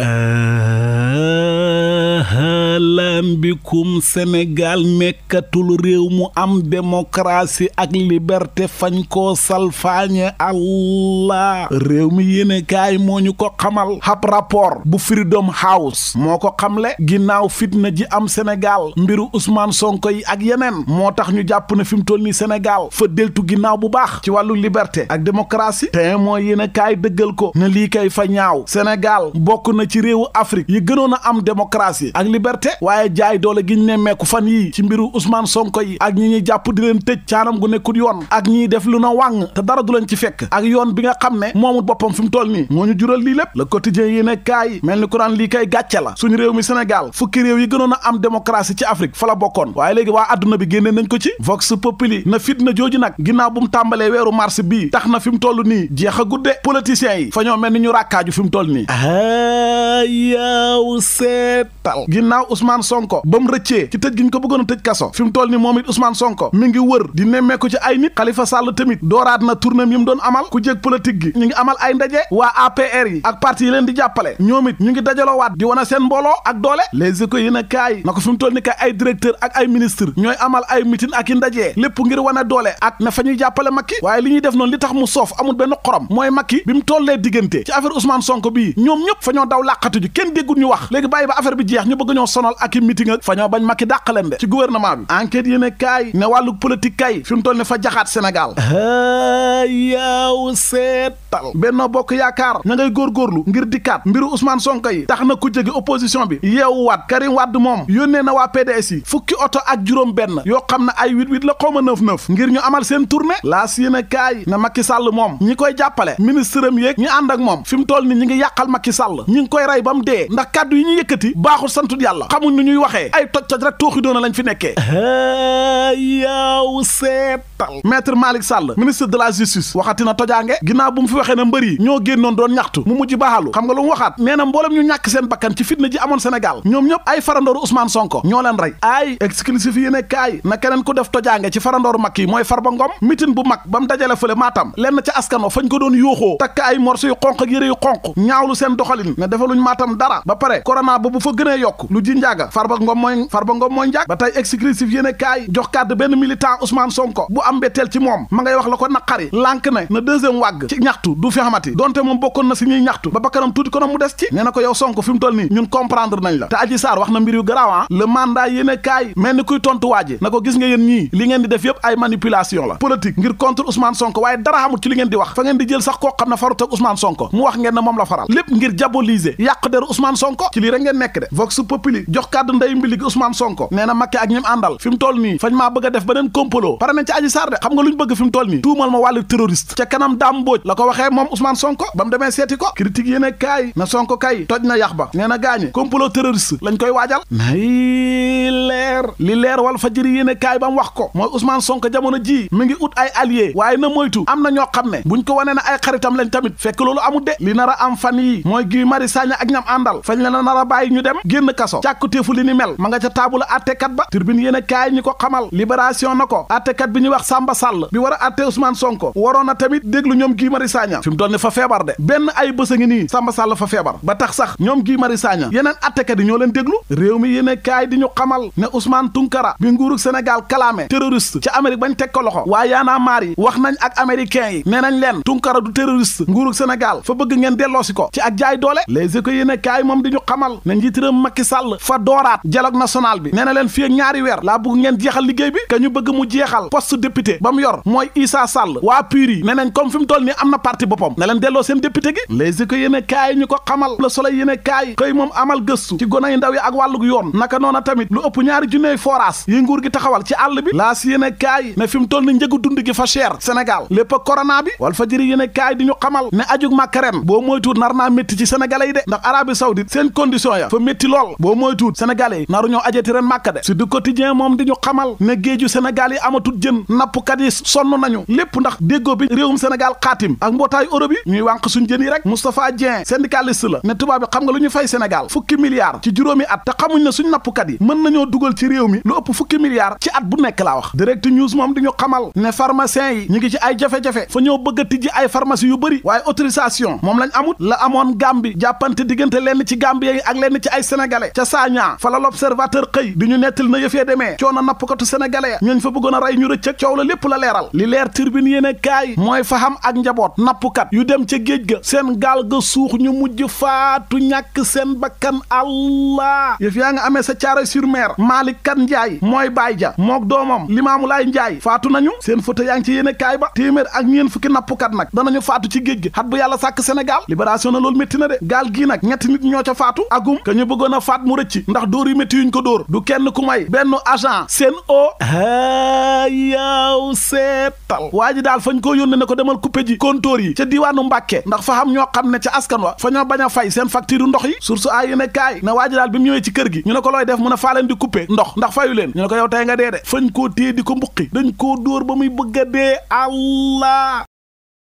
Euh, asalaamaaleykum Sénégal nekkatul réew mu am démocratie ak liberté fañ koo salfaañe allah réew mi yéene kaay moo ñu ko xamal ab rapport bu Freedom House moo ko xamle ginnaaw fitna ji am Sénégal mbiru Ousmane Sonko yi ak yeneen moo tax ñu jàpp na fi mu toll nii Sénégal fa deltu ginnaaw bu baax ci wàllu liberte ak démocratie te mooy yéene kaay dëggal ko ne lii kay fa ñaaw Sénégal bokk na ci réew Afrique yi gënoon a am démocratie ak liberté waaye jaay doole gi ñu nemmeeku fan yii ci mbiru Ousmane Sonko yi ak ñi ñuy jàpp di leen tëj caanam gu nekkul yoon ak ñiy def lu na wàng te dara du leen ci fekk ak yoon bi nga xam ne moomu boppam fi mu toll nii moo ñu jural lii lépp le quotidien yi ne kaay mel ni kuraan lii kay gàcce la suñu réew mi Sénégal fukki réew yi gënoon a am démocratie ci Afrique fa la bokkoon waaye léegi waa adduna bi génnee nañ ko ci vox populi na fitna jooju nag ginnaaw bu mu tàmbalee weeru mars tax na fi mu toll nii jeex a gudde yi fa mel ni ñu ràkkaaju fi mu toll nii ayaw ginnaaw Ousmane Sonko ba mu rëccee ci tëj gi ñu ko bëggoon a tëj kaso fi mu ni moom it Ousmane Sonko mi ngi wër di nemmeeku ci ay nit Khalifa Sall tamit dooraat na tournem yi doon amal ku jéeg politique gi ñu ngi amal ay ndaje waa APR yi ak parti leen di jàppale ñoom it ñu ngi waat di wane seen mbooloo ak doole les écoles yi na kaay na ko fi mu ni kay ay directeur ak ay ministre ñooy amal ay mitin ak i ndaje lépp ngir wane doole ak na fa ñuy jàppale Macky waaye li ñuy def noonu li tax mu soof amul benn xorom mooy Macky bi mu tollee diggante ci affaire Ousmane ñoo daw làqatu ji kenn ñu wax léegi bàyyi ba bi jeex ñu bëgg ñoo sonal ak i mitin fa ñoo bañ Macky dàq leen de ci gouvernement bi enquête yéen a kaay ne wàllu politique kay fi mu toll ne fa jaxaat Sénégal yaaw seetal Benno Bokk Yaakaar ña ngay góorgóorlu ngir dikkaat mbiru Ousmane Sonko yi tax na ku jege opposition bi yeewu waat Karim Wade moom yónnee na waa PDS yi fukki oto ak juróom benn yoo xam ne ay huit huit la xawma neuf neuf ngir ñu amal seen tournée laas yéen a kaay na Macky Sall moom ñi koy jàppale ministre am yéeg ñu ànd ak moom fi mu toll ni ñi ngi yàqal Macky Sall ngi koy rey ba mu dee ndax kàddu yi ñu yëkkati baaxul santut yàlla xamuñ nu ñuy waxee boobee ay toj toj rek tooxi doona lañ fi nekkee yaaw seetal maître Malick Sall ministre de la justice waxati na tojaange ginna bu mu fi waxee ne mbër yi ñoo génnoon doon ñaxtu mu mujj baaxalu xam nga lu mu waxaat nee na mboolem ñu ñàkk seen bakkan ci fitna ji amoon Sénégal ñoom ñëpp ay farandooru Ousmane Sonko ñoo leen rey ay exclusif yi ne kaay na keneen ku def tojaange ci farandooru mag yi mooy far Farba Ngom mitin bu mag ba mu dajale fële Matam lenn ca askano fañ ko doon yóoxoo takk ay morso yu xonq yëre yu xonq ñaawlu seen doxalin ne defaluñ Matam dara ba pare corona ba bu fa yokk lu ji njaaga Ngom mooy Farba Ngom mooy njaag ba tey exclusif yéen kaay jox kàddu benn militant Ousmane Sonko bu am betteel ci moom ma ngay wax la ko naqari lànk ne na deuxième wàgg ci ñaxtu du fi xamati moom bokkoon na si ñuy ñaxtu ba bakkanam tuuti konom mu des ci nee na ko yow Sonko fi mu toll nii ñun comprendre nañ la te Adji Sarr wax na mbir yu garaaw ah. le mandat kaay mel ni kuy tontu waaje na ko gis nga yéen ñii li ngeen di def yëpp ay manipulation la politique n contre Ousmane Sonko waaye dara xamul ci li ngeen di wax fa ngeen di jël sax koo xam ne farut ak Ousmane Sonko mu wax ngeen ne moom la République Ousmane Sonko nee na Macky ak ñim àndal fi mu toll nii fañ maa bëgg a def beneen complot pare nañ ci Adji Sarr xam nga luñ bëgg fi mu nii tuumal ma wàllu terroriste ca kanam Dame Mbodj la ko waxee moom Ousmane Sonko ba mu demee seeti ko critique yéen kaay na Sonko kay toj na yax ba nee gaañe complot terroriste lañ koy waajal nay leer li leer wal fajiri yéen kaay ba mu wax ko mooy Ousmane Sonko jamono jii mi ngi ut ay allié waaye na moytu am na ñoo xam ne buñ ko wane ne ay xaritam lañ tamit fekk loolu amul de li nar a am fan yi mooy Guy a nar ñu dem génn kaso càkkutéefu ni mel ma nga ca taabula attekat ba turbine yéen kaay ñi ko xamal libération na ko attekat bi ñu wax Samba Sall bi war a atte Ousmane Sonko waroon na tamit déglu ñoom Guy Marius Sagna fi mu doon ne fa feebar de benn ay bës a ngi nii Samba Sall fa feebar ba tax sax ñoom Guy Marius Sagna yeneen attekat yi ñoo leen déglu réew mi yéen kaay di ñu xamal ne Ousmane Tunkara bi nguurug Sénégal kalaame terroriste ci Amérique bañ teg ko loxo waa yaanaa maar wax nañ ak américains yi nee nañ leen Tunkara du terroriste nguurug Sénégal bëgg ngeen delloosi ko ci ak jaay doole les éco yéen a kaay moom di ñu xamal ne njiitiram Macky Sall fa dooraat dialogue national bi nee na leen fii ak weer laa bëgg ngeen jeexal liggéey bi ka ñu bëgg mu jeexal poste député ba mu yor mooy Issa Sall comme fi mu toll nii na parti boppam ne leen ko xamal le soleil yéen kaay xëy moom amal gëstu ci gone yu ndaw yi naka noona tamit lu ëpp ñaari junneey forage yi nguur gi taxawal ci àll bi laas yéen kaay ne fi mu toll ni njëgu dund gi fa cher Sénégal lépp a corona bi wal fa jëri kaay di ñu xamal ne ajug màkk ren boo moytuut nar naa métti ci sénégalais yi de ndax Arabie Saoudite seen condition ya fa métti lool boo moytuut sénégalais yi naru ñoo ajati ren màkka de Sud Quotidien moom di ñu xamal ne géeju Sénégal yi amatut jën nappkat yi sonn nañu lépp ndax déggoo bi réewum Sénégal xaatim ak mbootaayu Europe yi ñuy wànq suñ jën yi rek Moustapha Dieng syndicaliste la ne tubaab bi xam nga lu ñu fay Sénégal fukki milliards ci juróomi at te xamuñ ne suñ nappkat yi mën nañoo dugal ci réew mi lu ëpp fukki milliards ci at bu nekk laa wax Direct News moom di ñu xamal ne pharmacien yi ñu ngi ci ay jafe-jafe fa ñoo bëgg a tijji ay pharmacie yu bëri waaye autorisation moom lañ amut la amoon Gambie jàppante diggante lenn ci Gambien yi ak lenn ci ay sénégalais ca Sagna l'observateur xëy di ñu nettal na yëfee demee coono nappkatu sénégalais ñooñ fa bëggoon a rey ñu rëcc ak coow la lépp la leeral li leer turbine yéen e yu dem ca géej ga seen gaal ga suux ñu mujj faatu ñàkk seen bakkan allah yëf yaa nga amee sa caare sur mer Malick Kan mooy baay ja mook doomam Limaamulaay Njaay faatu nañu seen fota yaa ngi ci yéen e kaay ba ak ñeen fukki nappkat nag danañu faatu ci géej gi xat bu yàlla sàkk sénégal libération na loolu métti na de gaal gii nag ñetti nit ñoo ca faatu agum ka ñu bëggoon a faat mu rëcc ndax dóor yu metti yuñ ko dóor du kenn ku may benn agent seen o yaaw seetal waa daal fañ ko yónnee ne ko demal coupé ji compteur yi ca diiwaanu Mbàkke ndax fa xam ñoo xam ne ca askan wa fa ñoo bañ fay seen facture ndox yi source a yéene kaay ne waaj daal bi mu ñëwee ci kër gi ñu ne ko looy def mu ne faa di kuppe ndox ndax fayu leen ñu ne ko yow tey nga dee de fañ koo téye di ko mbuqi dañ koo dóor ba muy bëgg a Allah